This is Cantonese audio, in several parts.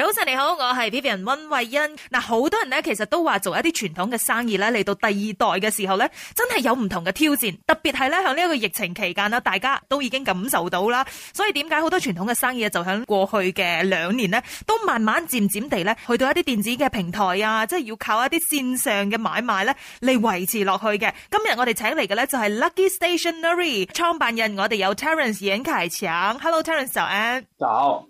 早晨，你好，我係 Vivian 溫慧欣。嗱，好多人咧，其實都話做一啲傳統嘅生意咧，嚟到第二代嘅時候咧，真係有唔同嘅挑戰。特別係咧，喺呢一個疫情期間啦，大家都已經感受到啦。所以點解好多傳統嘅生意就喺過去嘅兩年咧，都慢慢漸漸地咧，去到一啲電子嘅平台啊，即係要靠一啲綫上嘅買賣咧，嚟維持落去嘅。今日我哋請嚟嘅咧就係 Lucky Stationery 創辦人，我，我哋有 Terence 影開場。Hello，Terence，早安。早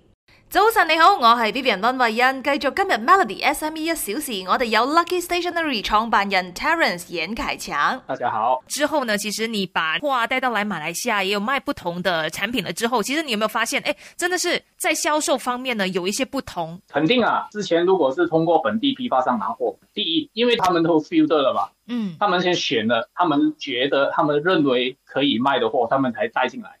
早晨你好，我係 Vivian 溫慧欣繼續今日 Melody SME 一小時，我哋有 Lucky Stationery 創辦人 Terence 嚴凱強。大家好。之後呢，其實你把貨啊帶到來馬來西亞，也有賣不同的產品了。之後，其實你有沒有發現，誒、欸，真的是在銷售方面呢，有一些不同。肯定啊，之前如果是通過本地批發商拿貨，第一，因為他們都 filter 了嘛，嗯，他們先選了，他們覺得他們認為可以賣的貨，他們才帶進來。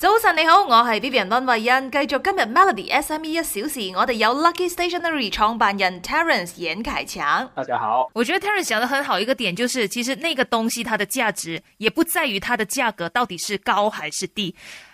早晨你好，我係 Vivian 溫慧欣，繼續今日 Melody SME 一小時，我哋有 Lucky Stationery 創辦人 Terence 顏凱強。大家好，我覺得 Terence 講得很好，一個點就是，其實那個東西它的價值，也不在於它的價格到底是高還是低。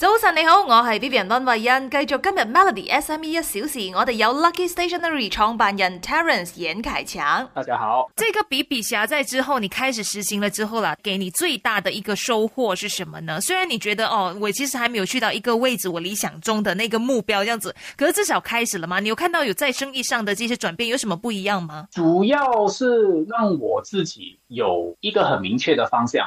早晨你好，我係 Vivian 溫慧欣、嗯、n 繼續跟住 Melody SME 一小時，我哋有 Lucky Stationery 創辦人 Terence 嚴凱強。大家好。這個筆筆俠在之後，你開始實行了之後啦，給你最大的一個收穫是什麼呢？雖然你覺得哦，我其實還沒有去到一個位置，我理想中的那個目標這樣子，可是至少開始了嗎。你有看到有在生意上的這些轉變，有什麼不一樣嗎？主要是讓我自己有一個很明確的方向。